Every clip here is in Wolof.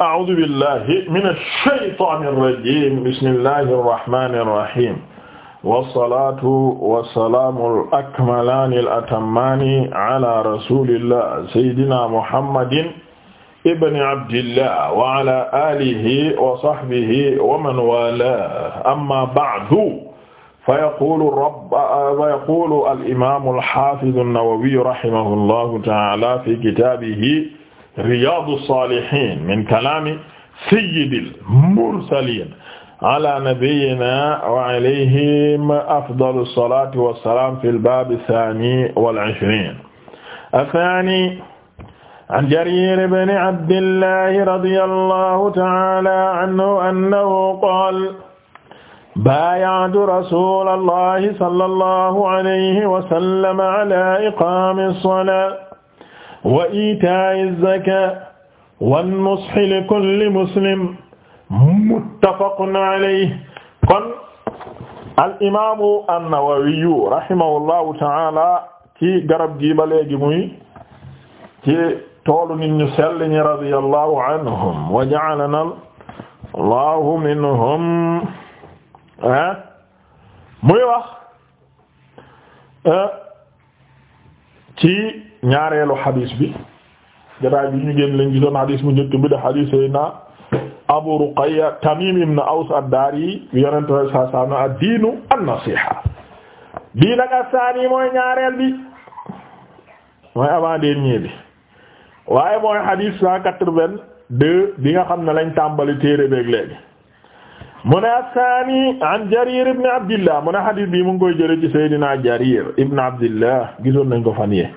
a'uuzu billahi mina shaytaani rajiim bismillahi rahmaani rahiim wasalaatu wasalaamu al-akmalaani al-atammaani ala rasuulillah sayyidina muhammadin ibni abdillah wa ala aalihi wa sahbihi wa man waalaahu amma ba'du fayaquulu rabb fayaquulu al-imaamu al-haafizu an-nawawi rahimahu llahu ta'aala fi kitaabihi riyadu salihin min kalami sayyidil mursalin ala nabiyyina wa alayhim afdalu salati wassalam fil bab ath-thani wal 'ishrin ath-thani an jarir ibn abdillah radiyallahu ta'ala anhu annahu qala بايعت رسول الله صلى الله عليه وسلم على إقام الصلاة wa itaa'i zakaa wan nushi li kulli muslim muttafaqun alayhi kon al imaamu an-Nawawi rahimahullahu ta'ala ci garab gii ba léegi muy ci toolu nit ñu sell ñi radiyallahu anhum wa ja'alana Allahu minhum ah muy wax ah, ci ñaareelu xadis bi jataay bi ñu génn lañ gisoon xadis mu njëkk bi da xadis Seydina Abu Ruqayya Tamim ibn Aws ad bi yonent bi saa saa na ad-diinu saani mooy ñaareel bi mooy avant-dernier bi waaye mooy xadis cent quatre-vingt-deux bi nga xam ne lañ tàmbali téere beeg léegi mu ne asaani an jarir ibn abdillah mu ne xadis bii koy jële ci Seydina ibn abdillah gisoon nañ ko fan yee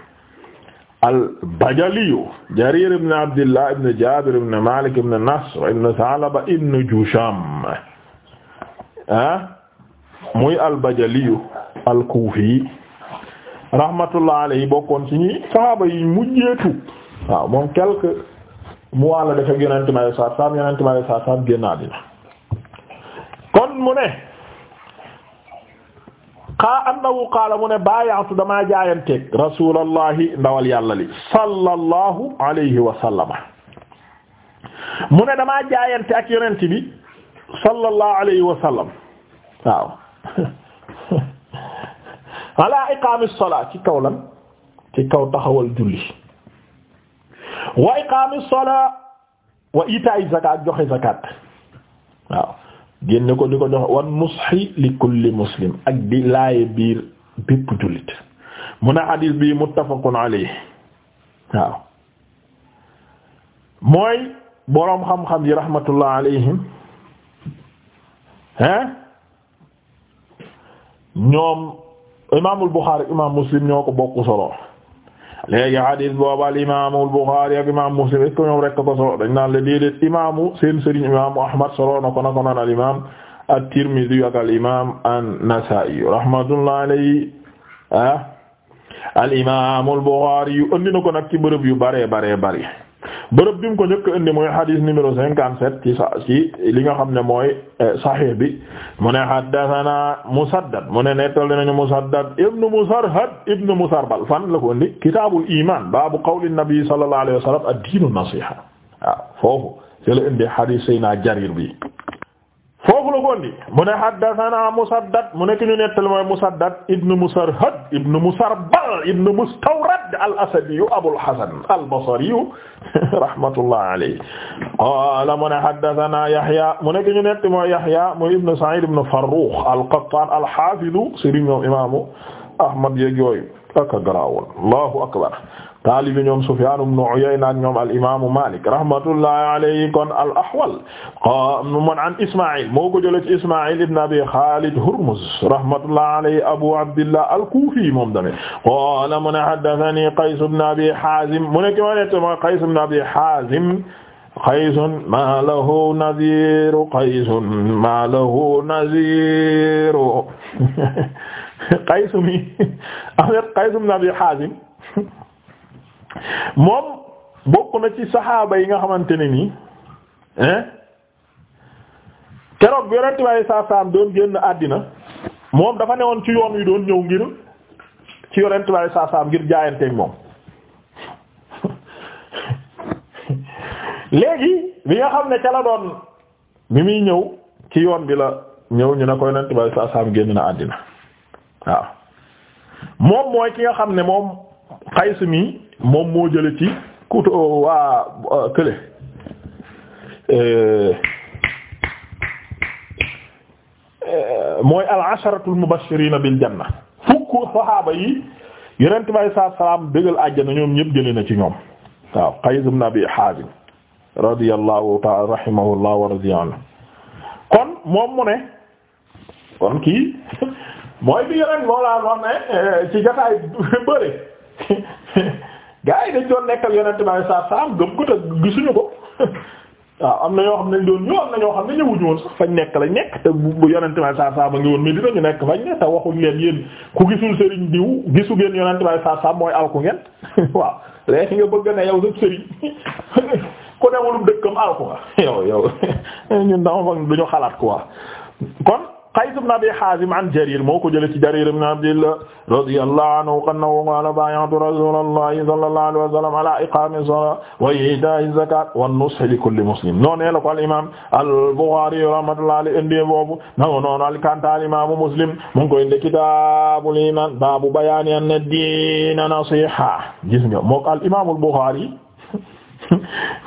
al-Bajaliyu Jarir ibn Abdillah ibn Jabir ibn Malik ibn Nasr ibn Tha'laba ibn Jusham ah, muy al-Bajaliyu al-Kufi rahmatullah alayhi bokkoon ci ñi sahaaba yi mujjeetu moom quelque mu la dafa Yonent mi sallallahu alayhi wa sallam Yonent mi sallallahu alayhi wa sallam génn kon mu ne xaa annahu qaala mu ne baayaatu damaa jaayanteeg rasulallahi ndawal yàlla li sallallahu alayhi wa sallama mu ne damaa jaayante ak yonent bi sallallahu alayhi wa sallam waaw ala iqaami salaa ci kaw lan ci kaw taxawal julli wa iqaami salaa wa itaa'i zakaat joxe zakaat waaw génne ko di ko jox wan nushi li kulli muslim ak di laaye biir bépp jullit mun a hadis bi muttafaqun waaw mooy boroom xam-xam yi rahmatullah alayhim hein ñoom imaamul Buxaari imaam Muslim ñoo ko bokk solo léegi hadis boobu al imaamu Buxaari ak imaamu Muslim ko ñoom rek ko solo dañ naan la déedéet imaamu seen sëriñ imaamu Ahmad solo na ko na ko naan al imaam ak al imaam an-Nasaa'i rahmatullahi alayhi ah al imaamu Buxaari ko nag yu bare bare bare. bërëb bi mu ko njëkk indi mooy hadith numéro cinquante sept ci sa ci li nga xam ne mooy eh, sahih bi mu ne haddathana Musaddad mu ne nettali nañu Musaddad ibnu Musarhad ibnu Musarbal fan la ko indi kitaabul iman baabu qawli nabi sallallahu alayhi wa sallam ad-diinu nasiha waaw foofu ci la indi hadith sayna Jarir bi la ko indi mu ne haddathana Musaddad mu nekk ñu nettali mooy Musaddad ibn Musarhad ibn Musarbal ibn Mustawrad al-Asadi Abul Hasan al-Basri rahmatullah alayhi qaala mu ne haddathana Yahya mu nekk ñu nettali mooy Yahya mooy ibn Sa'id ibn Farrukh al-Qattan al-Hafiz sëriñ imaamu Ahmad yeeg yooyu ak a garaawoon Allahu akbar taalibi ñoom Sufyaan ibn Uyayna ak ñoom al imaamu Maalik rahmatullahi alayhi kon al Ahwal man an Ismaa'il moo ko jëlee ci Ismaa'il ibn Abi Xaalid Hurmuz rahmatullahi alayhi Abu Abdillah al-Kuufi moom tamit qaala mu ne haddathanii Qays ibn Abi Haazim mu ne ki ma nekk mooy Qays ibn Abi Haazim qaysun maa lahu naziru qaysun maa lahu naziru qaysu mi en fait Qays ibn Abi Haazim moom bokk na ci saxaaba yi nga xamante ne nii keroog bi yonent bi sallallahu doon génn àddina moom dafa newoon ci yoon wi doon ñëw ngir ci yonent bi sallallahu alayhi wasallam ngir jaayanteeg moom léegi bi nga xam ne ca la doon bi muy ñëw ci yoon bi la ñëw ñu ne ko yonent bi sallallahu génn na àddina waaw moom mooy ki nga xam ne moom xaysu mi moom moo jële ci kutu euh, waa euh, kële euh, mooy al asharatul mubashirina bil janna fukk saxaaba yi yonent bi alayhi salaatu salaam bégal àjjana ñoom ñëpp jëlee na ci ñoom waaw Qays ibn Abi Haazim radiyallahu ta'ala rahimahullah wa radiya anhu kon moom mu ne kon kii mooy bi yonent moo laa wax ne ci jotaay bëre gaa yi dañ doon nekkal yonent bi sallallahu alayhi wasallam gëm ko te gisuñu ko waaw am na ñoo xam ne dañ doon ñëw am na ñoo xam ne ñëwuñu woon sax fañ nekk lañ nekk te bu yonent bi sallallahu alayhi ba ngi woon mais dinañu nekk fañ ne te waxuñ leen yéen ku gisul sëriñ diw gisu ngeen yonent bi sallallahu alayhi wasallam mooy alku ngeen waaw léegi nga bëgg ne yow sa sëriñ ku newulum dëkkam alku nga yow yow ñun dama foog duñu xalaat quoi kon Qays ibn Abi Hazim an Jarir moo ko jëlee ci Jarir ibn Abdillah radiyallahu anhu annahu qaala baaya'tu rasulallahi sallallahu alayhi wa sallam ala iqaami salaa wa iitaa'i zakaat wan nushi li kulli muslim noonu la ko al imaam al-Bukhari rahmatullahi alayhi indi boobu naka noonu al-Kanta al-imaamu Muslim mu ngi koy indi kitaabul iimaan baabu bayaani anna diina nasiiha gis nga mook al imaamul Bukhari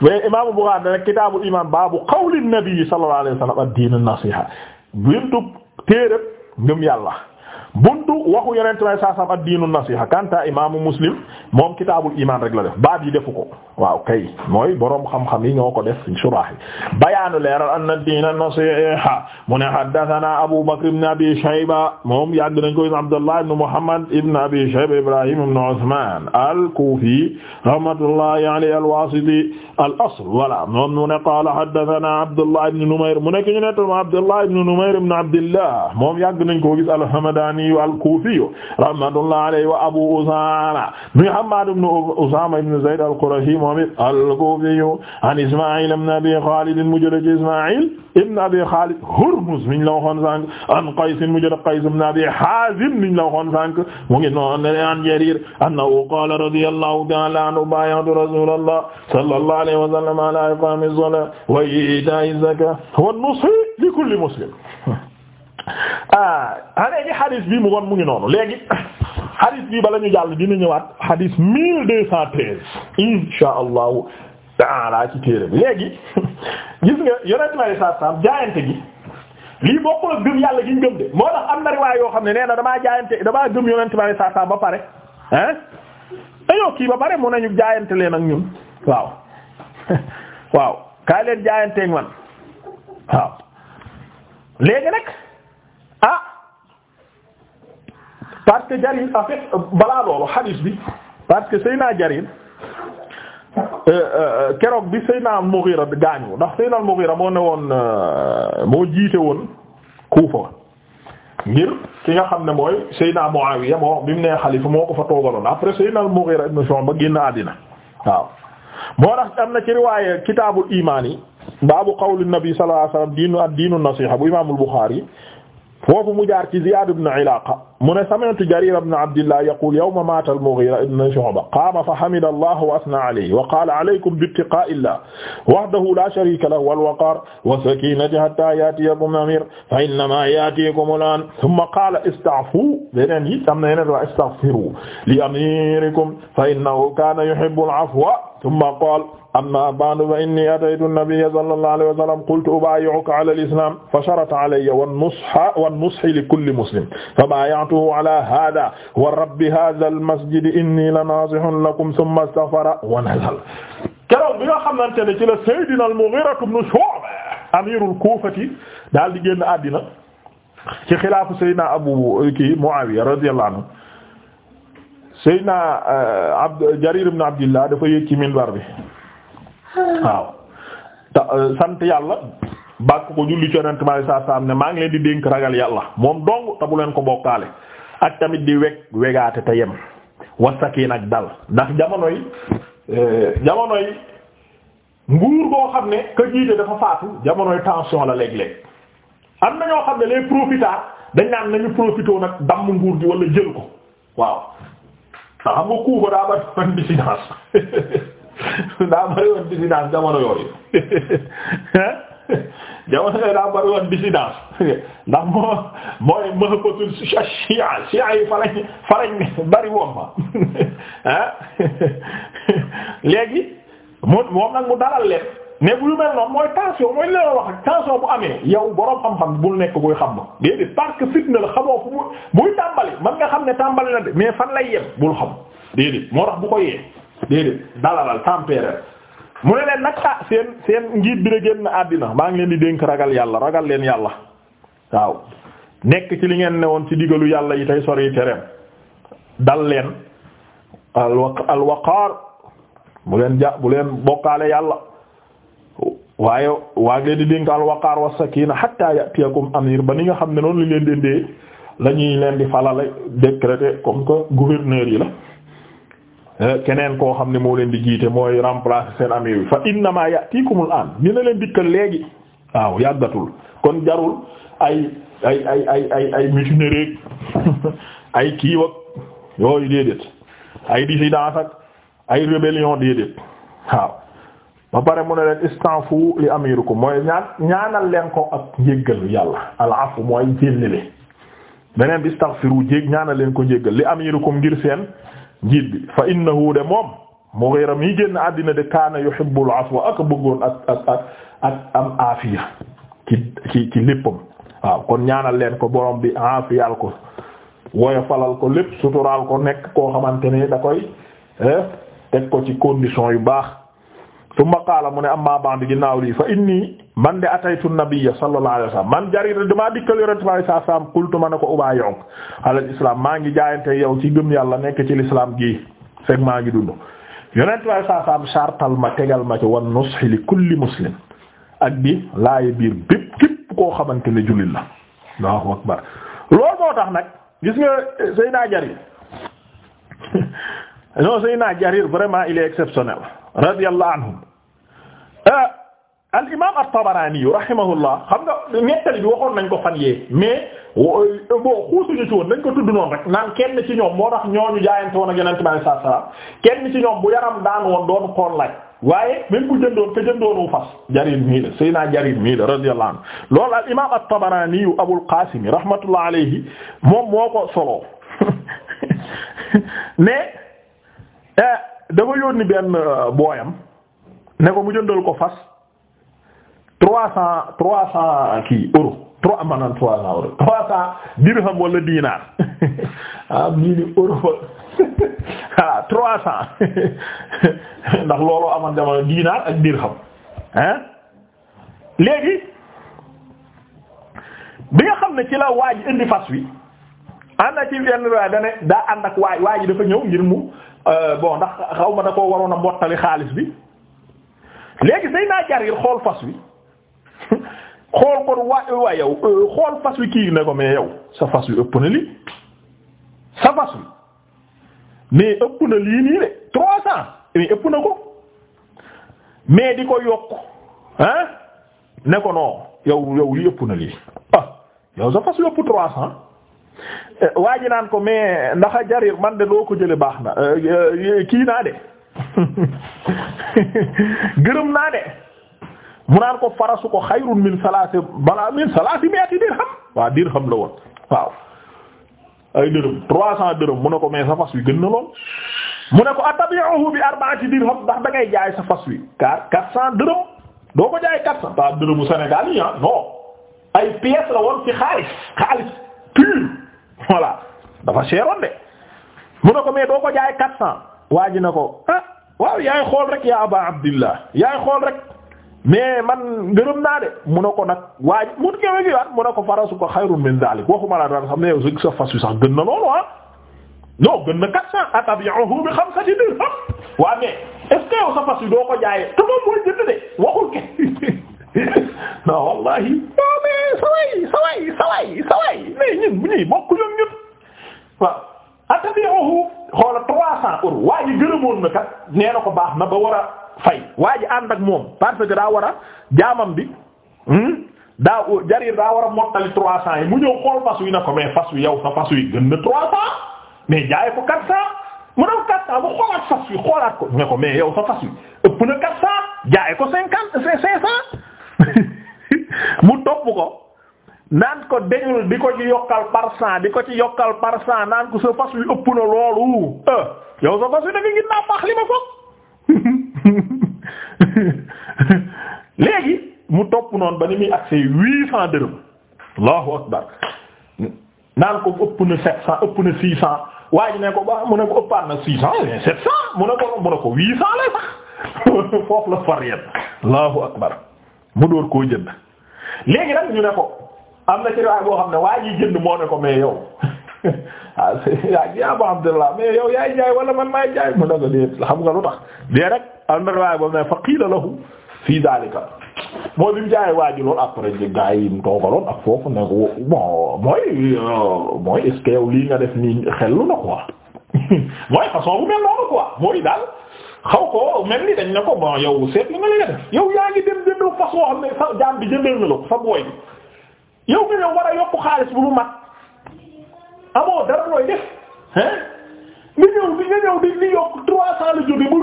waaye imaamul Bukhari nag kitaabul iimaan baabu qawli nabi sallallahu alayhi wa sallam ad-diinu nasiiha buntu téereb ngëm yàlla buntu waxu yeneen may saa saam ad-diinu nasiha kanta imaamu muslim moom kitaabul imaan rek la def baab yi defu ko waaw kay mooy boroom xam-xam yi ñoo ko def surah yi bayaanu leeral anna diina nasiha mu ne haddathana abu bakr ibn abi shayba moom yàgg nañ ko abdullah ibn muhammad ibn abi shayba ibrahim ibn usman al-kufi rahmatullahi alayhi al-wasiti al-asl wala moom mu ne qaala haddathana abdullah ibn numayr mu nekk ñu ne abdullah ibn numayr ibn abdillah moom yàgg nañ ko gis al-hamadani al-Madani al-Kufi rahmatullahi alayhi wa Abu Usama mi Hammad ibn Usama ibn Zayd al-Qurashi moom it al-Kufi an Isma'il ibn Abi Khalid mu jële ci Isma'il ibn Abi Khalid Hurmuz mi ñu la waxoon sànq an Qays mu jële Qays ibn Abi Hazim mi ñu la waxoon sànq mu ngi noonu an Jarir annahu qala radiyallahu ta'ala anhu bay'atu Rasulullah sallallahu alayhi wa sallam ala iqami as-salat wa ita'i az-zakat wa an-nushi li kulli muslim ah léegi xadis bi mu won mu ngi noonu léegi xadis bi bala ñu jàll dina ñëwaat xadis mille deux cent treize insha allahu taala ci téere bi léegi gis nga yonent lay saa saam jaayante gi lii bokkul ak gëm gi ñu moo tax am na riwaay yoo xam ne da na damaa jaayante damaa gëm yonent lay saa saam ba pare ah dañoo kii ba pare mu ne ñu jaayante leen ak ñun waaw waaw kaay leen jaayanteeg man waaw léegi nag. ah parce que jarir en fait balaa loolu hadith bi parce que Seyna jarir euh, euh, keroog bi Seyna Mughira gaañu ndax Seyna Mughira moo ne woon euh, moo jiite woon Kufa ngir ki nga xam ne mooy Seyna Muawiya moo bi mu nee xalifa moo ko fa toogaloon après Seyna Mughira ibn Shu'ba génn àddina waaw moo tax am na ci riwaaye kitaabul imaan yi baabu qawli nabi sallallahu alayhi diinu ad bu imaamul Bukhari foofu mu jaar ci Ziyaad ibn Ilaaqa mu ne sami'tu Jarir ibn Abdillah yaqul yawma mata al-Mughira ibn Shu'ba qama fa hamida Allah wa athna alayhi wa qala alaykum bi ittiqa'illah wahdahu la sharika lahu wal waqar wa sakinati hatta yatiyakum amir fa innama yatiyakum al-an thumma qala ista'fu beneen yi am na yeneen wa istaghfiru li amirikum fa innahu kana yuhibbu al-'afwa thumma qala amma ba'du fa inni ataytu an-nabiyya sallallahu alayhi wa sallam qultu ubayyi'uka ala al-islam fasharata alayya wan-nusha wan-nushi li kulli muslim fa bay'tu sana'tuhu ala hada wa rabbi hadha al masjid inni lanasihun lakum thumma astaghfara wa nazal keroog bi nga xamante ne ci la Seydina al-Mughira ibn Shu'ba amirul Kuufati daal di génn àddina ci xilaafu Seydina Abu kii Muawiya radiyallahu anhu Seydina euh, Abd Jarir ibn Abdillah dafa yéeg ci minbar bi waaw euh, sant yàlla bàkk ko julli ci yonent bi sallallahu alayhi wasallam ne maa ngi leen di dénk ragal yàlla moom dong te bu leen ko bokkaale ak tamit di weg wegaate te yem wasakiin ak dal ndax jamonoy euh, yi nguur boo xam ne ka jiite dafa faatu jamonoy tension la léeg-léeg am na ñoo xam ne les profiteurs dañ naan nañu profité nag damm nguur gi wala jël ko waaw ndax xam nga kuuba daa bari woon dissidence daa bari woon dissidence jamono yooyu jamono yooyu daa bari woon ndax moo mooy mahbatul shia shia yi fa lañ fa lañ bari woon ma ah léegi mu moom nag mu dalal leen mais bu lu mel noonu mooy tension mooy leen wax ak tension bu amee yow boroom xam-xam bul nekk kuy xam ma déedéet parce que fitna la xamoo fu buy tàmbali man nga xam ne tàmbali na de mais fan lay yem bul xam déedéet moo tax bu ko yee déedéet dalalal tempéraire mu ne leen nag ah seen seen njiit bi da na àddina maa ngi leen di dénk ragal yàlla ragal leen yàlla waaw nekk ci li ngeen ne woon ci digalu yàlla yi tey sori tereem dal leen al waqaar bu leen ja bu leen bokkaale yàlla waaye waa ngi leen di dénk al waqaar wa sakina hatta yatiyakum amir ba ni nga xam ne noonu lañ leen dendee la ñuy leen di falale décréter comme que gouverneur yi la Euh, keneen koo xam ne moo leen di jiite mooy remplacer seen ami yi fa innama yatikumul an dina leen dikkal léegi waaw yàggatul kon jarul ay ay ay ay ay ay mutinerie ay kiiw yooyu déedéet ay dissidence ak ay rébellion déedéet waaw ba pare mu ne leen istanfu li amirukum mooy ñaan ñaanal leen ko ak njéggalu yàlla al afu mooy jéllale beneen bi istaghfiru jéeg ñaanal leen ko njéggal li amirukum ngir seen njiit bi fa innahu de moom Mughira mi génn àddina de kaana yuhibbul afwa ak bëggoon ak ak ak ak am aafiya ci ci ci léppam waaw kon ñaanal leen ko boroom bi aafiyal ko woya falal ko lépp suturaal ko nekk koo xamante ne da koy eh, teg ko ci condition yu baax summa qaala mu ne amma ba'd ginnaaw lii fa inni man de ataytu nabiyya sallallahu alayhi wasallam man jarir damaa dikkal yore tubaab yi saa saa am ma ne ko ubaa yonk alal islam maa ngi jaayante yow ci gëm yàlla nekke ci l'islam gii fekk maa ngi dund. yonent tubaab yi saa saa am ma tegal ma ci wan nushi li kulli muslim ak bi laay biir bépp képp koo xamante ne jullit la Allahu akbar loolu moo tax nag gis nga eh, Seydina Jarir non Seydina Jarir vraiment il est exceptionnel radiyallahu anhu eh, al imam at-Tabarani rahimahullah xam nga nettali bi waxoon nañ ko fan yee mais bon xuusuñu ci woon nañ ko tudd noonu rek naan kenn ci ñoom moo tax ñooñu jaayante woon ak yonent bi sallallahu kenn ci ñoom bu yaram daan woon doon xool laaj waaye même bu jëndoon te jëndoonu fas Jarir mii la Seydina Jarir mii la radiyallahu anhu loolu al imam at-Tabarani Abul Qasim moom moo ko soloo mais eh, dafa yónni benn euh, booyam ne ko mu jëndal trois cent trois cent kii euro trois maanaam trois cent euro trois cent dirham wala dinar ah bii ni euro ah trois cent ndax looloo amoon jamono dinar ak dirham hein léegi bi nga xam ne ci la waaj indi fas wi ànd ak ci yenn waay daa ànd waay waay ji dafa ñëw ngir mu euh, bon ndax xaw ma da koo waroon a mottali xaalis bi léegi Seydina Jarir xool fas wi xool kon waa waa yow euh, xool fas wi kii ne ko mais yow sa fas wi ëpp na lii sa fas wi mais ëpp na lii nii de trois cents mais ëpp na ko mais di ko yokk ah ne ko non yow yow li ëpp na lii ah yow sa fas wi ëpp trois cents euh, waa ko mais ndaxa jarir man de loo ko jële baax na euh, kii naa de gërëm naa de mu naan ko farasu ko xayrun min salaati balaa min salaati mi'ati dirham waaw dirham la woon waaw ay dërëm trois cents dërëm mu ne ko mais sa fas wi gën na lool mu ne ko atabi'uhu bi arba'ati dirham ndax da ngay jaay sa fas wi car quatre cents dërëm doo ko jaay quatre cents pas dërëmu Sénégal yi ah la woon ci xaalis xaalis pur voilà dafa seeroon de mu ko mais doo ko jaay quatre cents waa ko ah, yaay xool rek ya aba abdillah yaay xool rek mais man gërëm naa de mu ko nag waaye mu kewe gi waat mu ne ko farasu ko xayrun min dalik waxuma la dara xam ne yow sa gën na loolu ah non gën na quatre cent atabi'uhu bi khamsati dirham waa mais est-ce que yow sa fas yu doo ko jaayee te moom mooy jënd de waxul ke non wallahi non mais saway saway saway saway mais ñun bu ñuy bokk ñun ñun waaw atabi'uhu xoola trois cent euros waa ji gërëmoon na kat nee na ko baax na ba war fay waa ji ànd ak moom parce que daa war a jaamam bi hmm, daa jarir daa war a mottali yi mu ñëw xool fas wi na ko mais fas wi yow sa fas wi gën na trois cents mais ko quatre mu ne ko quatre cents bu fas wi xoolaat ko ne ko mais yow sa fas wi ëpp na quatre cents ko cinquante cinq mu topp ko naan ko deñul di ko ci yokkal par di ko ci yokkal par naan ko sa fas wi ëpp na loolu eh, yow sa fas wi da nga gën naa baax ma foog léegi mu topp noonu ba ni muy accès huit cent dërëm allahu akbar naan ko ëpp na sept cent ëpp na six cent waa ji ne ko ba mu ne ko ëppaat na six cent sept cent mu ne ko mu ne ko huit cent lay sax foofu la ñu ne ko am na ci waay boo xam ne waa ji jënd moo ne ko mais yow ah yaa yaa ba Abdullah mais yow yaay jaay wala man maay jaay mu ne ko dee xam nga lu tax dee rek alhamdulilah ba mu fa qiila lahu fii daalika mooy bi mu jaayee waa ji loolu après gaa yi mu toogaloon ak foofu ne ko mooy euh, mooy est ce lii nga def nii xellu na quoi mooy façon bu mel noonu quoi mooy daal xaw ko mel ni dañ ne ko bon seet li nga la nga yaa ngi dem jëndoo façon xam ne sa bi jëndee na la ko sa booy bi yow nga ne a yokk xaalis bu lu mat. amoo dara looy def hein nga ñëw di nga ñëw di di yokk trois cent lu jóge ba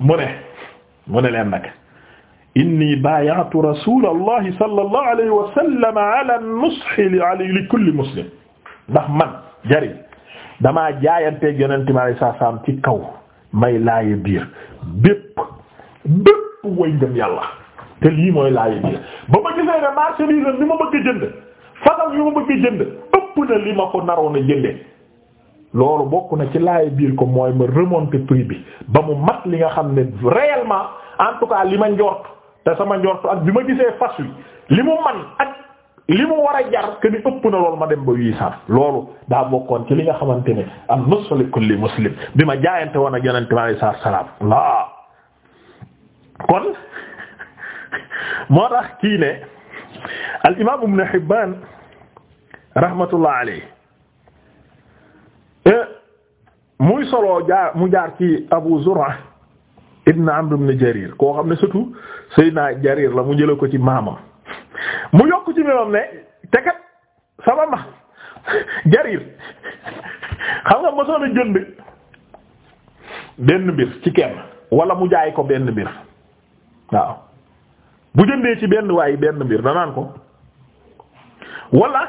huit cent leen nag inni baaya'tu rasulallahi sallallahu alayhi wa sallam ala nushi li ali li kulli jari damaa jaayanteeg yonente mi ci kaw may laaye biir bépp bépp way ngëm yàlla te lii ma gisee ne fasal yu ma bëgg jënd ëpp na li ma ko naroon a jënde loolu bokk na ci laay biir ko mooy ma remonter prix bi ba mu mat li nga xam ne réellement en tout cas li ma njort te sama njort ak bi ma gisee fas wi li mu man ak li mu war a jar que ni ëpp na loolu ma dem ba huit cent loolu daa bokkoon ci li nga xamante ne am nusra li kulli muslim bi ma jaayante woon a yonente bi alayhi salaam kon moo tax kii ne al imaam ibn Hibbaan rahmatullah alayhi eh, muy solo jaar mu jaar ci Abu Zur'a ibn Amr ibn Jarir koo xam ne surtout Seydina Jarir la mu jëlee ko ci maamam mu yokk ci maamam ne te kat ma Jarir xam nga mosoon a jënd benn mbir ci kenn wala mu jaay ko benn mbir waaw. bu jëndee ci benn waaye benn mbir danaan ko wala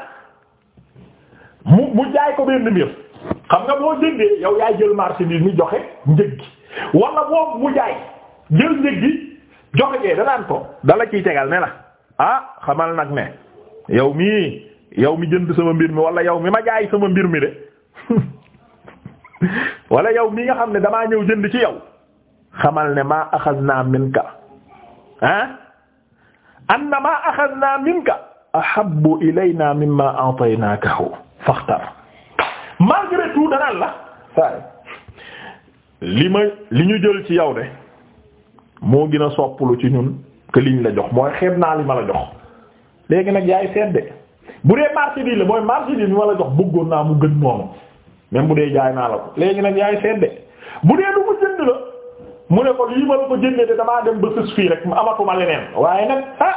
mu mu jaay ko benn mbir xam nga boo jëndee yow yaay jël marchandise mi joxe njëg gi wala boo mu jaay jël njëg gi joxe gee danaan ko dala ciy tegal ne la ah xamal nag ne yow mii yow mi jënd sama mbir mi wala yow mi ma jaay sama mbir mi de wala yow mii nga xam ne damaa ñëw jënd ci yow xamal ne maa axas naa minka ah anna ma axadna minka ahabbu ilayna mimma ataynaakahu faxtar malgré tout danaan la saa li ma li ñu jël ci yow de moo gën a sopplu ci ñun que la jox mooy xeeb naa li ma la jox léegi nag yaay seet de bu dee marché la mooy marché bi ma la jox bëggoon naa mu gën noonu même bu dee jaay naa la ko léegi nag yaay seet bu dee lu mu jënd la mu ne ko lii ma la ko jëndee de damaa dem ba fii rek amatuma leneen waaye nag ah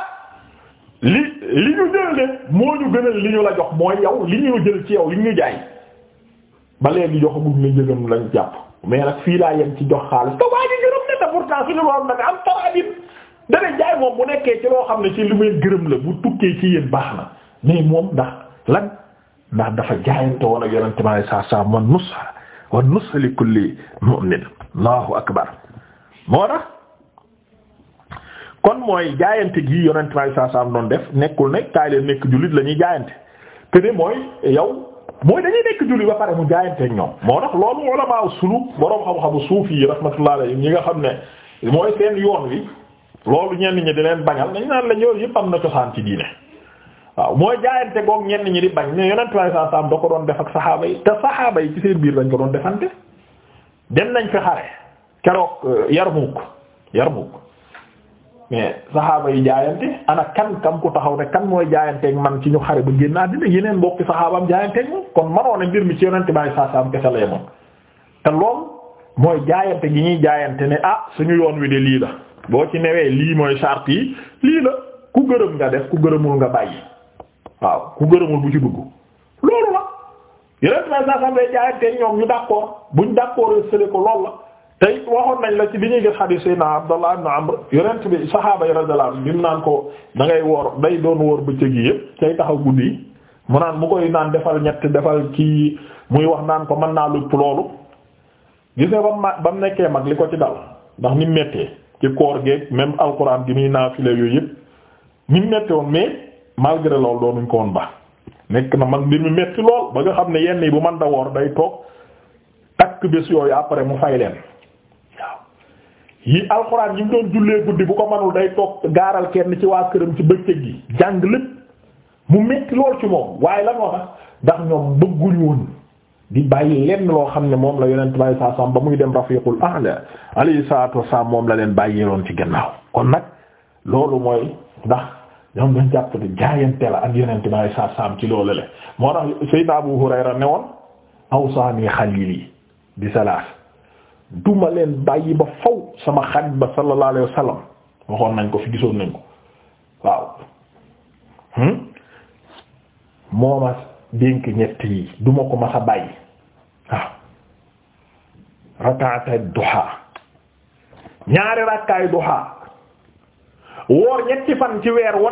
li li ñu jël de moo ñu gënal li ñu la jox mooy yow li ñu jël ci yow li ñu jaay ba léegi joxagum la jàpp mais nag fii laa yem ci jox xaalis te waa ji am taraabit dana jaay moom bu nekkee ci loo xam ne ci li muy gërëm la bu tukkee ci yéen baax na mais moom ndax lan ndax dafa jaayante woon ak yonente ma saa saa man nusha wa nusha li kulli mu'min allahu akbar moo tax kon mooy jaayante gi yonent may saa saam doon def nekkul ne kaay leen nekk jullit la ñuy jaayante te ne mooy yow mooy dañuy nekk jullit ba pare mu jaayanteeg ñoom. moo tax loolu ulama suluk boroom xam-xamu suufi yi rahmatullah alayhi ñi nga xam ne mooy seen yoon wi loolu ñenn ñi di leen bañal dañu naan la ñoom yëpp am na cosaan ci diine. waaw mooy jaayante goog ñenn ñi di bañ ne yonent may saa saam da ko doon def ak saxaaba yi te yi ci lañ ko doon defante dem nañ fi xare. keroog euh, Yarmuk Yarmuk mais saxaaba yi jaayante ana kan kam ku taxaw ne kan mooy jaayanteeg man ci ñu xare ba génn àddina yeneen mbokki saxaabaam jaayanteeg moom kon manoo ne mbir mi ci yonente bàyyi saasaam kese la te lool mooy jaayante gi ñuy jaayante ne ah suñu yoon wi de lii la boo ci newee lii mooy charte yi lii la ku gërëm nga def ku gërëmul nga bàyyi waaw ku gërëmul bu ci dugg loolu la yeneen bàyyi saasaam day jaayanteeg ñoom ñu d'accord buñ la tey waxoon nañ la ci bi ñuy gis xadiis Seydina Abdallah ibn Amr yonent bi saxaaba yi radiyallahu bi mu naan ko da ngay woor day doon woor bëccëg yi yëpp tey taxaw guddi yi mu naan mu koy naan defal ñett defal kii muy wax naan ko mën naa lupp loolu gis nga ba mu nekkee mag li ko ci dal ndax ni mu méttee ci koor geeg même alxuraan gi muy naafile yooyu yëpp ni mu méttee woon mais malgré loolu doonuñ ko woon ba nekk na mag mbir mi metti lool ba nga xam ne yenn yi bu mën da woor day toog takk bés yooyu après mu fay leen. yi alxuraan yi mu doon jullee guddi bu ko manul day toog gaaral kenn ci waa këram ci bëccëg gi jàng lépp mu metti lool ci moom waaye la moo tax ndax ñoom bëgguñu woon di bàyyi lenn loo xam ne moom la yonent bàyyi saa sam ba muy dem rafiqul a'la alayhi salaatu wasalaam moom la leen bàyyi loon ci gannaaw kon nag loolu mooy ndax ñoom dañ jàpp ne jaayante la ak yonent bàyyi saa saam ci loolu le moo tax Seydina Abu Hurayra ne woon awsaani xalili bi salaas duma leen bàyyi ba faw sama xarit ba sallallahu alayhi wa nañ ko fi gisoon nañ ko waaw hmm? moo ma dénk ñett yi duma ko masa bàyyi waaw rakaata duha ñaari rakkaay duha woor ñetti fan ci weer wu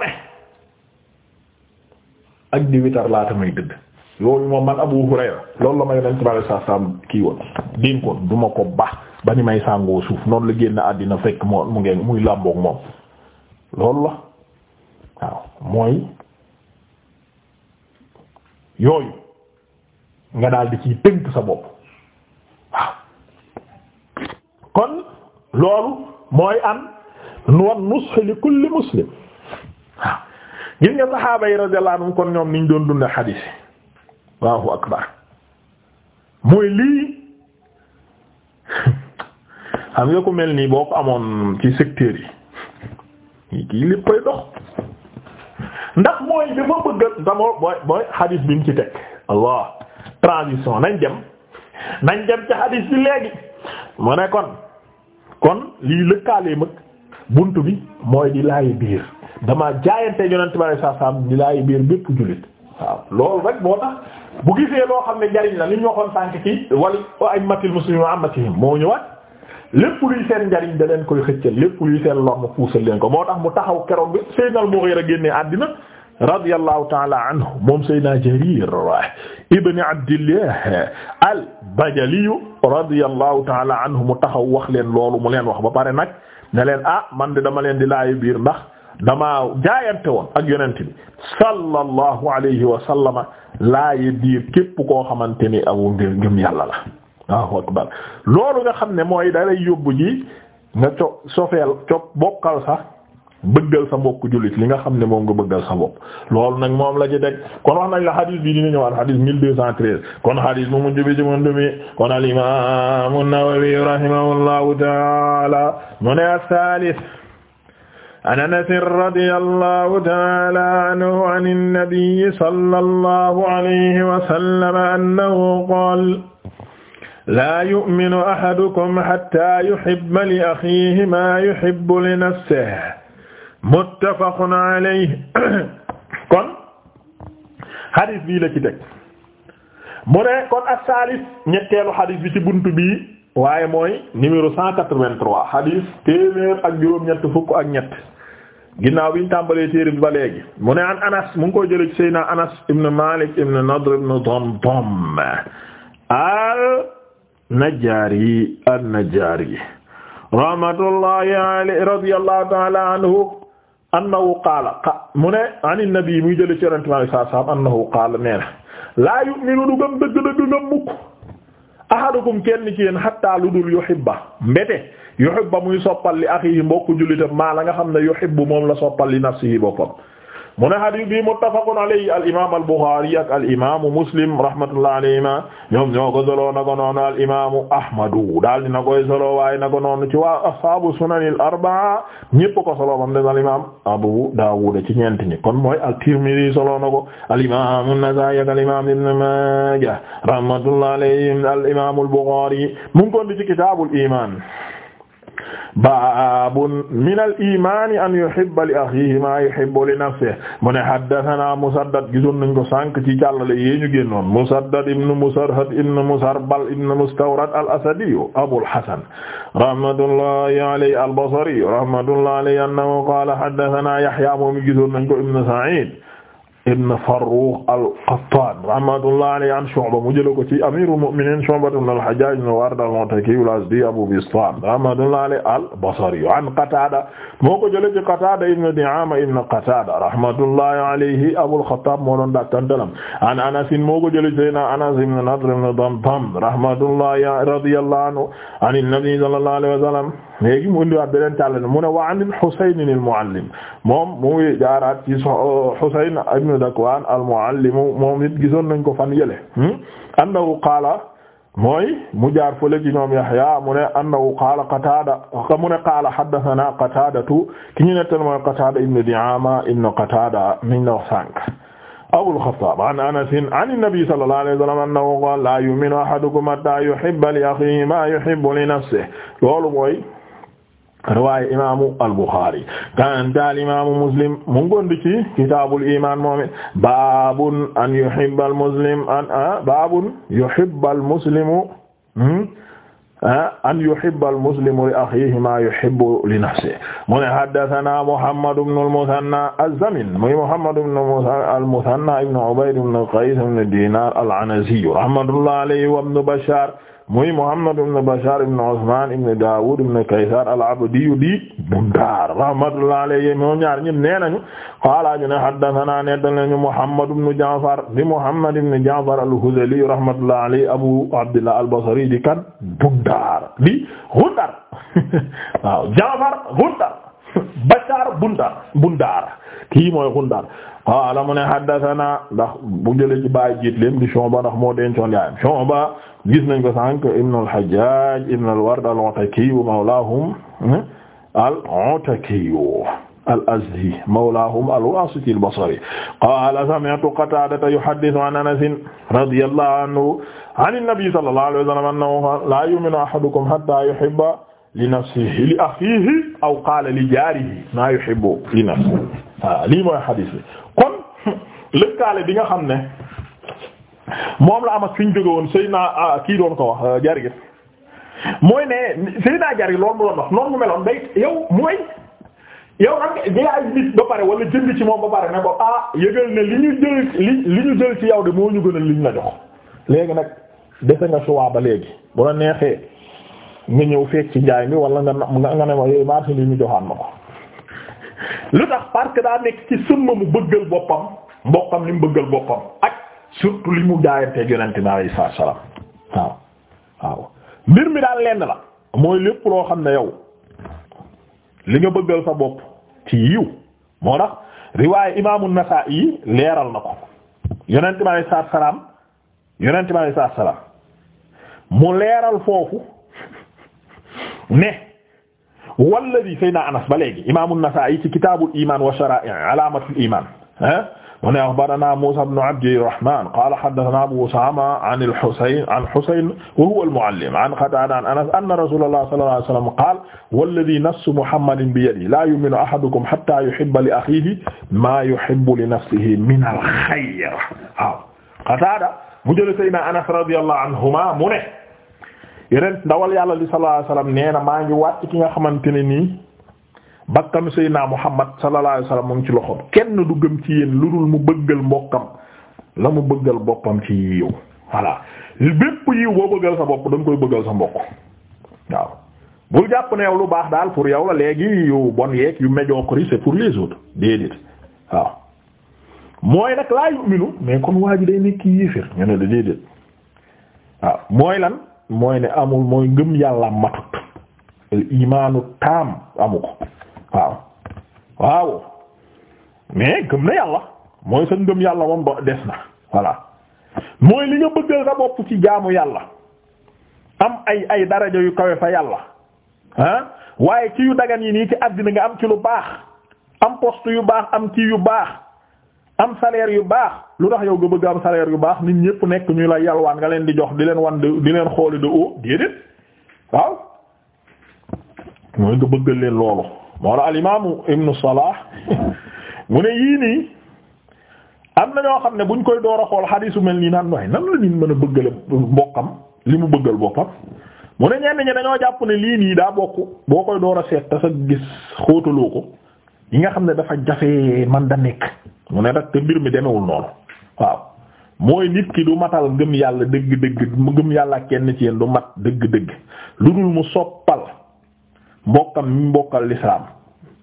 ak di witar laata may dëdd yooyu moom man Abu Hurayra loolu la ma yonent bale sa saam kii woon dénkoon duma ko baax ba ni may sàngoo suuf noonu la génn àddina fekk moo mu ngeen muy làmboog moom loolu la waaw mooy yooyu nga daal di ciy tënk sa bopp waaw kon loolu mooy an wan nush li kulli muslim waaw gis nga saxaaba yi radiyallahu anhum kon ñoom niñ doon dund xadiis Allahu akbar mooy lii xam nga ku mel nii boo ko amoon ci secteur yi kii léppay dox ndax mooy dafa bëgg dama mooy mooy bi mu ci teg Allah transition nañ dem nañ dem ci xadiis bi léegi mu ne kon kon lii lëkkaalee mag bunt bi mooy di laayi biir dama jaayante yonent bi sallallahu alayhi di laayi biir bépp jullit waaw loolu rek moo tax bu gisee loo xam ne njariñ na li ñu waxoon sànk ci wala ay matil muslimin amatihim moo ñëwaat lépp luy seen njariñ da leen koy xëccal lépp luy seen lor leen ko moo tax mu taxaw keroog bi Seydina al-Mughira génnee àddina radiyallahu ta'ala anhu moom Seydina Jarir ibn Abdillah al-Bajali radiyallahu ta'ala anhu mu taxaw wax leen loolu mu leen wax ba pare nag ne leen ah man de dama leen di laayu biir ndax damaa jaayante woon ak yonent bi sallallahu alayhi wa sallama laaye diir képp koo xamante ni awu ngir ngëm yàlla la waaw akbar loolu nga xam ne mooy dalay yóbbu ji nga co sofeel co bokkal sax bëggal sa mbokk jullit li nga xam ne moom nga bëggal sa bopp loolu nag moom la ci teg kon wax nañ la xadis bi dina ñëwaat xadis mille deux cent treize kon xadis bu mujj bi ci mën dumi kon al imam an-Nawawi rahimahullahu mu ne as-salis an anasin radiyallahu taala anhu an annabiyi sallallahu alayhi wa sallam annahu qaala laa yu'minu ahadukum hatta yuhibba li axiihi maa yuhibbu li nafsihi muttafaqun alayhi kon hadith bii la ci teg mu ne kon as-saalis ñetteelu hadith bi ci buntu bii waaye mooy numéro 183 hadith téeméer ak juróom-ñett fukk ak ñett. ginnaaw biñ tàmbalee téere bi ba léegi mu ne an anas mu ngi koy jëlee ci Seydina anas ibn malik ibn nadr ibn damdam al najjaari al najjaari rahmatullahi alayhi radiyallahu ta'ala anhu annahu qaala mu ne ani nabi muy jëlee ci yonente mi sallallahu alayhi wasallam annahu qaala nee na laa yu'minu du gëm dëgg dëgg gëm mukk ahadukum kenn ci yéen hatta lu dul yuhibba mbete yuhibba muy soppal li akhihi mbokku jullitam maa la nga xam ne yuhibbu moom la soppal li nafsihi boppam mu ne hadith bi muttafaqun alayhi al imam al Bukhari ak al imam Muslim rahmatullah alayhima ñoom ñoo ko solo na ko noonu al imam Ahmadu daal dina koy solo waaye na ko noonu ci waa ashabu sunan al arba'a ñépp ko solo bam dem al imam Abu Dawud ci ñeent ñi kon mooy al Tirmidhi solo na ko al imam an-Nasa'i ak al imam Ibn Majah rahmatullah alayhim al imam al Bukhari mu ngi ko di ci kitabul iman baabun minal imaani an yuhibba li axiihi maa yuhibbu li nafsihi mu ne haddasanaa Musaddad gisoon nañ ko sànq ci jàllale yee ñu génnoon Musaddad ibn Musarhad ibn Musarbal ibn Mustawrad al-Asadi Abul Hasan rahmatullahi alayhi al-Basri rahmatullahi alayhi annahu qaala haddasanaa Yahyaa moom gisoon nañ ko ibn Sa'iid ibn Farrukh al-Qattan rahmatullah alayhi an Shu'ba mu jël ko ci amirul mu'minin Shu'ba ibn al-Hajjaj ibn Ward al-Ataki al-Azdi Abu Bistam rahmatullah alayhi al-Basri an Qatada moo ko jël ci Qatada ibn Di'ama ibn Qatada rahmatullah alayhi Abu al-Khattab moo doon dakkantalam an Anas moo ko jël ci Anas ibn Nadr ibn Damdam rahmatullah radiyallahu anhu an an-nabi sallallahu alayhi wa sallam léegi mu indiwaat beneen tàllale mu ne wa an al-Husayn al-muallim moom mu ngi jaaraat ci euh, Husayn ibn Dakwan al-muallim moom it gisoon nañ ko fan yële hmm? annahu qaala mooy mu jaar fële ci ñoom Yahya mu ne annahu qaala Qatada mu ne qaala haddathana Qatadatu ki ñu nettal mooy Qatada ibn Di'ama ibn Qatada miñ la wax sànq Abul Khattab an Anas an an-nabi sallallahu alayhi wa sallam annahu qaala la yu'minu ahadukum hatta yuhibba li akhihi ma yuhibbu li nafsihi loolu mooy riwaaye imaamu al-Bukhari kan daal imaamu Muslim mu ngondi ci kitaabul iimaan moom baabun an yuhibbal muslim an ah, baabun yuhibbal muslimu hmm, ah, an yuhibbal muslimu li akhiihi maa yuhibbu li nafsihi mu ne haddasanaa Muhammad ibn al-Muthanna az-Zamin muy Muhammad ibn al-Muthanna ibn Ubayd ibn Qays ibn Dinar al-Anazi rahmatullahi alayhi wa ibn Bashar muy Muhammad ibn Bashar ibn Usman ibn Dawud ibn Kaysar al-Abdi di Bundar rahmatullahi alayhi ñoom ñaar ñun nee nañu qaala ñu ne haddathana nettal nañu Muhammad ibn Ja'far di Muhammad ibn Ja'far al-Hudhali rahmatullahi alayhi Abu Abdillah al-Basri di kan Bundar di Gundar waaw Ja'far Gundar Bashar Bundar Bundar kii mooy Gundar qaala mu ne haddathana ndax bu jëlee ci baay jiit leen di Shu'ba ndax moo dencoon yaayam Shu'ba gis nañ ko sànq ibn al-Hajjaj ibn al-Ward al-Ataki mawlahum hmm, al-Ataki al-Azdi mawlahum al-Wasiti al-Basri qala sami'tu Qatadata yuhaddithu an Anas radiyallahu anhu an an-nabi sallallahu alayhi wa sallam annahu la yu'minu ahadukum hatta yuhibba li nafsihi li akhihi aw qala li jarihi ma yuhibbu li nafsihi lii mooy hadith bi kon lëkkaale bi nga xam ne moom la am ak fi ñu jóge woon Seydina ah, kii doon ko wax euh, Jarir mooy ne Seydina Jarir loolu mu doon wax noonu mu meloon day yow mooy yow nag jaay nit ba pare wala jënd ci moom ba pare ne ko ah yëgal ne li ñu jël li li ñu jël ci yow de moo ñu gënal li ñu la jox léegi nag defe nga choix ba léegi bu neexee nga ñëw fekk ci njaay mi walla nga nga ne ma yooyu eh, marché li ñu joxaan ma ko lu tax parce daa nekk ci summa mu bëggal boppam mboqam li mu bëggal boppam surtout li mu jaayanteeg yonente bi alayhi salaam waaw waaw mbir mi daal lenn la mooy lépp loo xam ne yow li nga bëggal sa bopp ci yiw moo tax riwaay imaamu Nasaa'i leeral na ko yonente bi alayhi salaam yonente bi mu leeral foofu ne. walladi Seydina Anas ba léegi imaamu Nasaa'i ci kitaabul imaan wa sharaa'i alaamatul imaan ah. mu ne axbarana Muusaa ibn Abdirrahmaan qaala haddasanaa Abuu Usaama an al-Husayn an Husayn wa huwa al-muallim an Qataada an Anas anna rasuulallaahi sallallaahu alayhi wa sallam qaala walladii nafsu Muhammadin biyadihi laa yu'minu ahadukum hattaa yuhibba li axiihi maa yuhibbu li nafsihi min al-xayr waaw Qataada mu jële Seydina Anas radiyallaahu anhumaa mu ne yeneen ndawal yàlla li sallallaahu alayhi wa sallam nee na maa ngi waat ki nga xamante ne nii bakkanu Seydina Muhammad sallallahu alayhi wasallam mu ngi ci loxoom kenn du gëm ci yéen lu dul mu bëggal mbokkam la mu bëggal boppam ci yiw voilà bépp yiw boo bëggal sa bopp da koy bëggal sa mbokk waaw bul jàpp ne yow lu baax daal pour yow la léegi yu bon yeeg yu médiocre yi c'est pour les autres déedéet waaw mooy nag laa yu'minu mais kon waa ji day nekk yéefér ñu ne déedéet waaw mooy lan mooy ne amul mooy ngëm yàlla matut al taam amu ko waaw mais gëm na yàlla mooy sa ngëm yàlla moom do des na voilà mooy li nga bëggal sa bopp ci jaamu yàlla am ay ay daraja yu kawe fa yàlla ah waaye kii yu dagan yi nii ci àddina nga am ci lu baax am poste yu baax am ci yu baax am salaire yu baax lu tax yow nga bëgg am salaire yu baax nit ñépp nekk ñuy la yalwaan nga leen di jox di leen wan di leen xooli de haut déedéet waaw mooy nga bëggal leen loolu moo la al imaamu ibnu Salah mu ne yii nii am na ñoo xam ne buñ koy door a xool xadiisu mel nii naan waaye nan la nit mën a bëggale mbokkam li mu bëggal boppam mu ne ñenn ñi dañoo jàpp ne lii nii daa bokk boo koy door a seet te sa gis xóotaloo ko yi nga xam ne dafa jafe man da nekk mu ne rek te mbir mi demewul noonu waaw mooy nit ki du matal ngëm yàlla dëgg-dëgg mu ngëm yàlla kenn ci yéen du mat dëgg-dëgg lu dul mu soppal mbokkam mi mbokkal lislaam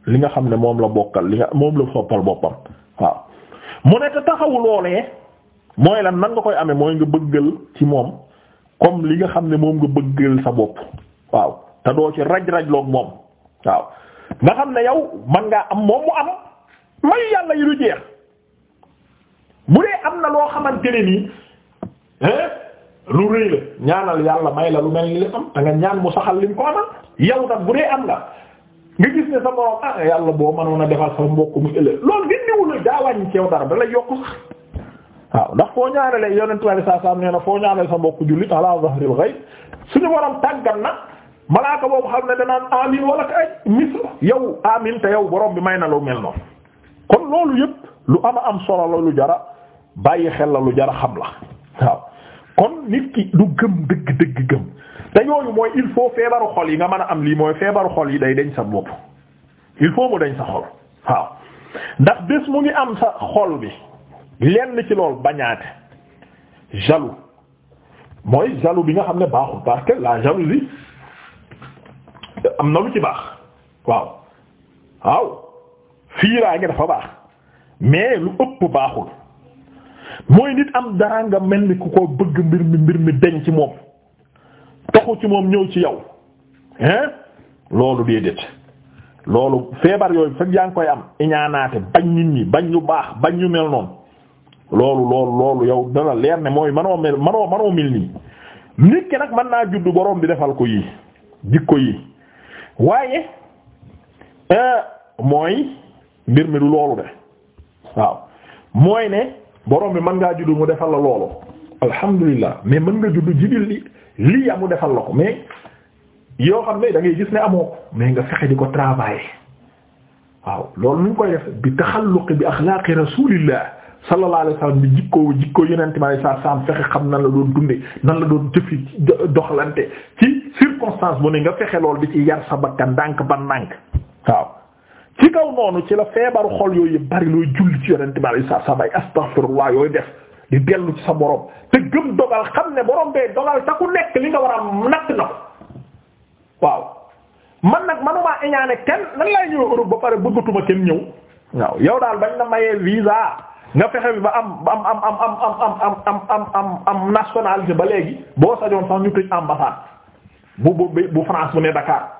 li nga xam ne moom la bokkal li nga moom la soppal boppam waaw mu ne te taxawu loolee mooy lan nan nga koy amee mooy nga bëggal ci moom comme li nga xam ne moom nga bëggal sa bopp waaw te doo ci raj-rajloog moom waaw nga xam ne yow man ngaa am moom mu am mayu yàlla yi du jeex bu dee am na loo xamante ne nii lu rëy la ñaanal yàlla may la lu mel ni am te nga ñaan mu saxal li mu ko amal yow bu dee am nga nga gis ne sa borom ah yàlla boo mënoon a defal sa mbokk mu ëllëg loolu gindiwul la daa wàññi ceew dara ndax foo ñaanalee yonent bi saa saa nee na foo ñaanal sa mbokk jullit ala zahril ghaib suñu borom tàggat na malaaka boobu xam ne danaan amin wala ka ay misl yow amin te yow borom bi may na lu mel noonu kon loolu yëpp lu ama am solo la lu jara bàyyi xel la lu jara xam la. kon nit ki du gëm dëgg dëgg gëm te yooyu mooy il faut feebaru xol yi nga mën a am lii mooy feebaru xol yi day dañ sa bopp il faut mu dañ sa xol waaw ndax bés mu ngi am sa xol bi lenn ci lool bañaate jaloux mooy jaloux bi nga xam ne baaxul parce laa la jalousie am na lu ci baax waaw waaw fiiraa ngi dafa baax mais lu ëpp baaxul mooy nit am dara nga mel ni ku ko bëgg mbir mi mbir mi deñ ci moom taxu ci moom ñëw ci yow hein loolu déedéet loolu feebar yooyu fekk yaa ngi koy am iñaanaate bañ nit ñi bañ ñu baax bañ ñu mel noonu loolu loolu loolu dana leer ne mooy manoo mel manoo mel nii nit nag mën naa juddu boroom bi defal ko yii jikko yi waaye euh, mooy mbir mi du loolu de waaw mooy ne boroom bi mën ngaa juddu mu defal la loolu alhamdulilah mais mën nga juddu jibil li lii ya defal la ko mais yoo xam ne dangay gis ne amoo ko mais nga fexe di ko travailler waaw loolu nu koy def bi taxalluq bi axlaaqi rasulillah sallallahu alayhi wa sallam bi jikko jikko yonente mi saa salaam fexe xam na la doon dunde nan la doon jëfi doxlante ci circonstance bu ne nga fexe lool di ci yar sa bakkan ndànk ba ndànk waaw ci kaw noonu ci la feebaru xol yooyu yëpp bari looy julli ci yonent bi sa sa bay astaghfirullah yooyu def di dellu ci sa borom te gëm dogal xam ne borom bee dogal te ku nekk li nga war a natt na ko waaw man nag manumaa iñaane kenn nan lay ñëw Europe ba pare bëggatuma kenn ñëw waaw yow daal bañ na mayee visa nga fexe bi ba am am am am am am am am am am am ba léegi boo sañoon sax ñu tëj ambassade bu bu bu France bu ne Dakar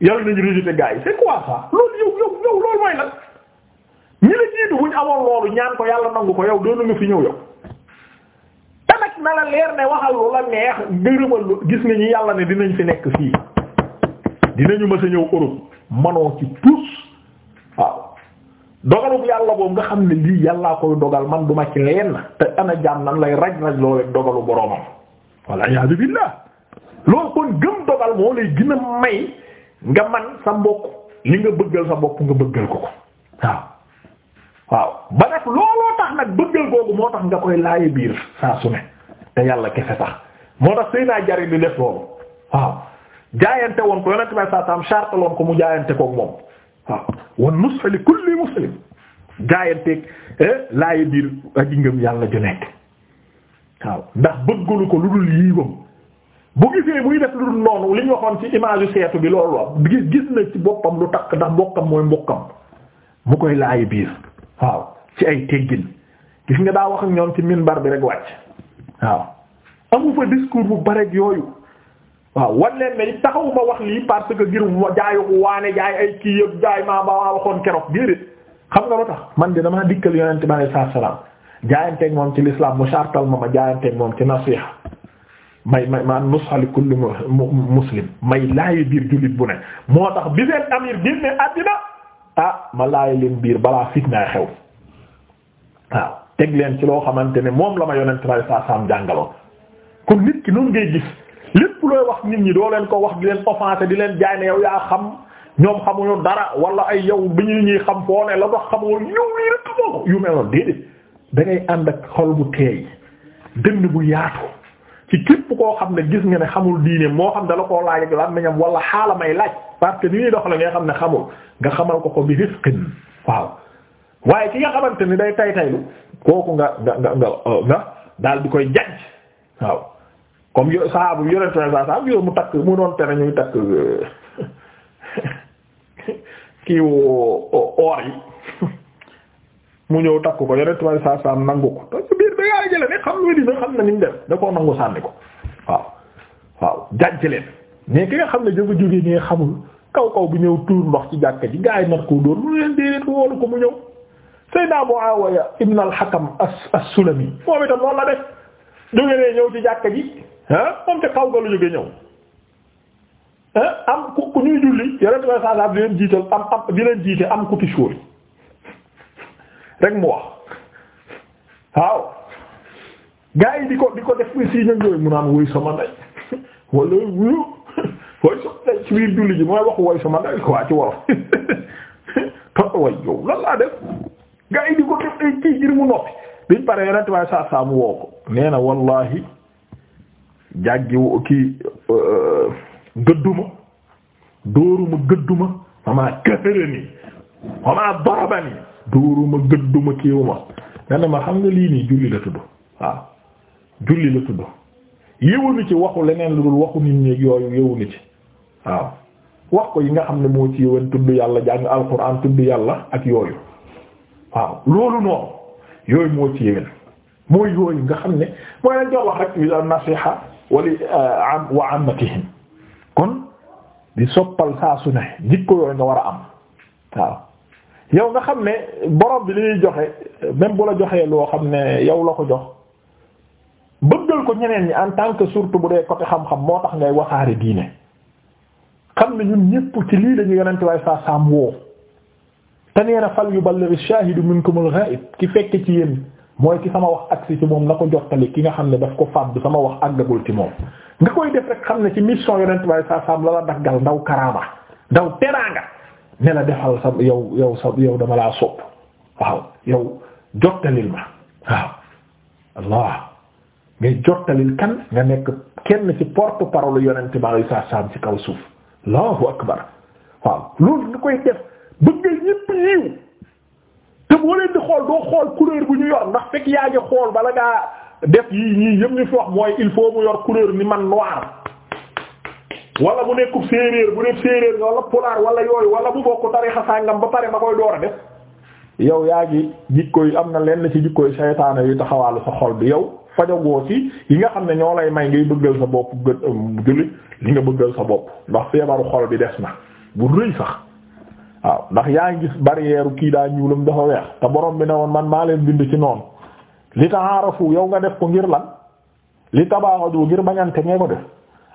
yàlla nañu rejeté gars yi c'est quoi ça loolu yow yow loolu mooy lan ñi la jiitu bu ñu amoon loolu ñaan ko yàlla nangu ko yow doonu nga fi ñëw yow. leer ne waxal lu la gis nga ñi yàlla ne dinañ fi nekk fii dinañu mës a ñëw Europe manoo ci tous waaw dogalu yàlla boobu nga xam ne lii yàllaa koy dogal man duma ci leen te ana jaam nan lay raj raj loolu dogalu boromam. walla yaa billah loolu kon gëm dogal moo lay gën may. nga man sa mbokk li nga bëggal sa bopp nga bëggal ko ko waaw waaw ba nag looloo tax nag bëggal googu moo tax nga koy laaye biir saa su te yàlla kese tax moo tax sëy naa li def loolu waaw jaayante woon ko yonent may saa saam charte loon ko mu jaayante koog moom waaw wan nusxa li kulli muslim jaayanteeg eh, laaye biir aji ngëm yàlla ju nekk waaw ndax bëggalu ko lu dul yiiwam bu gisee buy def lu dul noonu li waxoon ci image seetu bi loolu la gis gis na ci boppam lu takk ndax mbokkam mooy mbokkam mu koy laay biir waaw ci ay teggin gis nga daa wax ak ñoom ci minbar bi rek wàcc waaw amu fa discours bu bareeg yooyu waaw wan na ne taxawuma wax lii parce que ngir jaayu waane jaay ay kii yëpp jaay maa maa waxoon keroog déedéet xam nga lu tax man de damaa dikkal yonent bi sallallahu alayhi wasallam moom ci l'islam mu sartal ma ma jaayanteeg may may ma nusxa li kulli muslim may laayi biir jullit bu ne moo tax bi seen amir génne àddina ah ma laayi leen biir balaa fitnaay xew waaw teg leen ci loo xamante ne moom la ma yonent bali saa saam jàngaloon kon nit ki noonu ngay gis lépp looy wax nit ñi doo leen ko wax di leen offensé di leen jaay ne yow yaa xam ñoom xamuñu dara wala ay yow bi ñu ñuy xam foo ne la dox xamoo yow lii rek xamoo yu mel noonu déedéet da ànd ak xol bu teey dënn bu yaatu ci képp koo xam ne gis nga ne xamul diine moo xam dala koo laaj ak na wala xaala may laaj parce que ni dox la nga xam ne xamul nga xamal ko ko bi risqin waaw waaye ki nga xamante ni day tay taylu kooku nga nga nga nga euh, nga daal di koy jaj waaw comme yo saabu yonent saa saabu yooyu mu takk mu doon tere ñuy takk euh, kii or yi mu ñëw takk ko yonent bi saa saa nangu ko te biir da ngaa jëlee ne xam nga xam na ni mu da koo nangu sànni ko waaw. waaw jàjj leen mais ki nga xam ne dafa jógee ne xamul kaw kaw bi ñëw tuur ndox ci jàkka ji gaa yi nar koo dóor mu leen déedéet woolu ko mu ñëw. Seydina Muawiya ibn al-Hakam as-Sulami moom itam noonu la def jógee ne ñëw ci jàkka ji ah moom te kaw ga lu jógee ñëw. Ah, am ku ñuy julli yonent bi saa saa di leen jiital am am di leen jiite am ku ci rek mu wax waaw gaa yi di ko di ko def muy sii ñoom yooyu mu naan woy sama ndey wala wuyu woy sama ndey ci biir julli ji mooy wax woy sama ndey ci wolof to way yow lan def gaa yi di ko def ay kii ngir mu noppi biñ pare yonent waaye saa saa mu woo ko nee na wallahi jàggi kii euh, gëdduma dóoruma gëdduma mamaa këhërani mamaa dorobani dóoruma gëdduma kiiwuma nga ne ma xam nga lii nii julli la tudd waaw julli la tudd yëwunu ci waxu leneen lu dul waxu nit ñi yooyu yëwunu ci waaw wax ko yi nga xam ne moo ci yëwan tudd yàlla jàng alxuraan yàlla ak yooyu waaw loolu noonu yooyu mooy yooyu nga xam ne mooy lañ doon wax rek bi nasiha wali eh, am wa ammatihim kon di soppal saa su ne war a am waaw yow nga xam ne borom bi li ñuy joxe même bu la joxee loo xam ne yow la ko jox bëggal ko ñeneen ñi en tant que surtout bu dee côté xam-xam moo tax ngay waxaari diine xam ne ñun ñëpp ci lii lañu yonente waaye saa saam woo te nee na fal yuballigh ash-shahidu minkumul ghaib ki fekk ci yéen mooy ki sama wax agsi ci moom na ko jottali ki nga xam ne daf ko fàdd sama wax àggagul ci moom nga koy def rek xam ne ci mission yonente waaye saa saam la la daggal ndaw karaama ndaw teraanga ne la defal sa yow yow sa yow dama laa sopp waaw yow jottalil ma waaw allah ngay jottalil kan nga nekk kenn ci porte parole yonente ba alay saam ci kaw suuf allahu akbar waaw loolu nga koy def bëggal ñépp yiw te boo leen di xool doo xool couleur bu ñu yor ndax fekk yaa ngi xool bala ngaa def yi ñii yëpp ñu fi wax mooy il faut mu yor couleur ni man noir wala bu nekkub séeréer bu nekk séeréer wala pulaar wala yooyu wala bu bokk tarixa sàngam ba pare ma koy door a def yow yaa ngi jikkoy am na lenn ci jikkoy saytaane yu taxawaalu sa xol bi yow fajagoo ci yi nga xam ne ñoo lay may ngay bëggal sa bopp um, jullit li nga bëggal sa bopp ndax feebaru xol bi des na bu rëy sax waaw ndax yaa ngi gis barrière kii daa ñuulam dafa weex te borom bi ne woon man maa leen bind ci noonu li taarafu yow nga def ko ngir lan li tabaaxadu ngir bañante ngay ko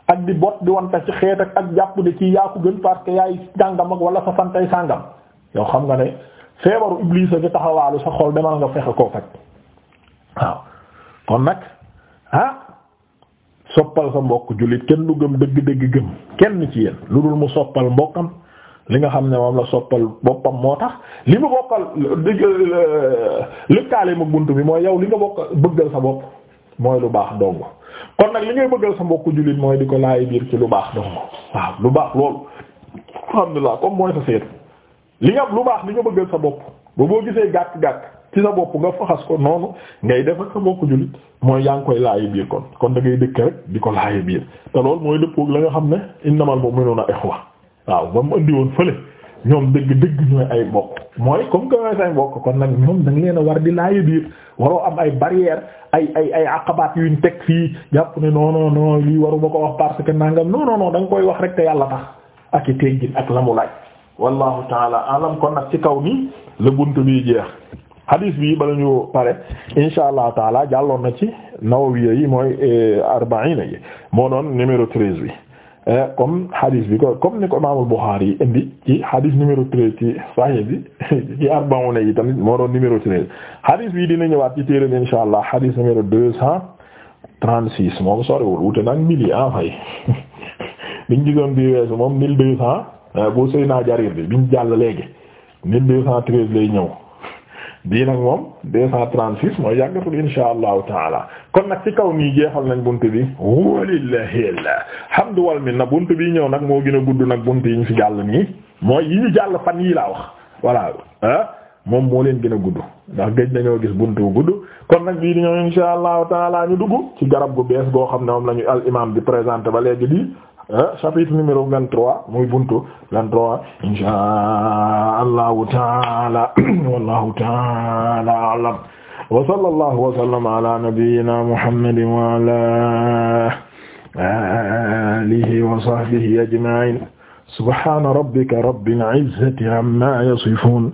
ak di bot di wante ci xeet ak ak jàpp ne ci yaa ko gën parce que yaay jàngam ak wala sa santay sàngam yow xam nga ne feebaru iblis a taxawaalu sa xol demal nga fexe koo faj waaw kon nag ah soppal sa mbokk jullit kenn du gëm dëgg-dëgg gëm kenn ci yéen lu dul mu soppal mbokkam li nga xam ne moom la soppal boppam moo tax li mu bokkal lëkkaale ma bunt bi mooy yow li nga bokk bëggal sa bopp mooy lu baax ndongo kon nag li ngay bëggal sa mbokku jullit mooy di ko laay biir ci lu baax donc waaw lu baax loolu alhamdulilah comme mooy sa seetu li nga lu baax li nga bëggal sa bopp ba boo gisee gàkk gàkk ci sa bopp nga faxas ko noonu ngay def ak sa mbokku jullit mooy yaa ngi koy laay biir kon kon da ngay dëkk rek di ko laay biir te loolu mooy dëppoo la nga xam ne innamal mu'minuna ikhwa waaw ba mu andi woon fële. ñoom dëgg dëgg ñooy ay bokk mooy comme que ñooy say mbokk kon nag ñoom da nga a war di laaye biir waroo am ay barrière ay ay ay aqabaat yuñ teg fii jàpp ne non non non ko wax parce que nangam non non non da koy wax rek yàlla tax ak i teggin ak la mu laaj wallahu taala alam kon nag ci kaw nii la bunt bi jeex hadith bi bala ñu pare insha allah taala jàlloon na ci Nawawi yi mooy eh, arbaine yi moo doon numéro treize bi Eh, comme hadith bi comme ni ko imaamul Bukhari yi indi ci hadith numéro treize ci Sahih bi ci arba'una yi tamit moo doon numéro treize hadith bi dina ñëwaat ci téere insha allah hadith numéro deux cent trente six moom soriwul wute nag mille yi en ah, fay biñ gisoon bi moom mille deux cent eh, bu naa Jarir bi biñ jàll léegi mille deux cent treize lay ñëw bii nag moom 236 mooy yàggatul insha allahu taala kon nag ci kaw nii jeexal nañ bunt bi walillahi alhamdu wal minna bunt bi ñëw nag moo gën a gudd nag bunt yi ñu fi jàll nii mooy yi ñu jàll fan yi laa wax voilà ah moom moo leen gën a gudd ndax gëj nañoo gis buntu bu gudd kon nag bii di ñëw insha allahu taala ñu dugg ci garab gu bees goo xam ne moom la ñu al imam di présenté ba léegi di euh, chapitre numéro vingt-trois muy buntu vingt-trois insha allahu taala wallahu taala alam wa sallallahu wa sallama ala nabiyyina muhammadin wa ala alihi wa sahbihi ajma'in subhana rabbika rabbil izzati amma yasifun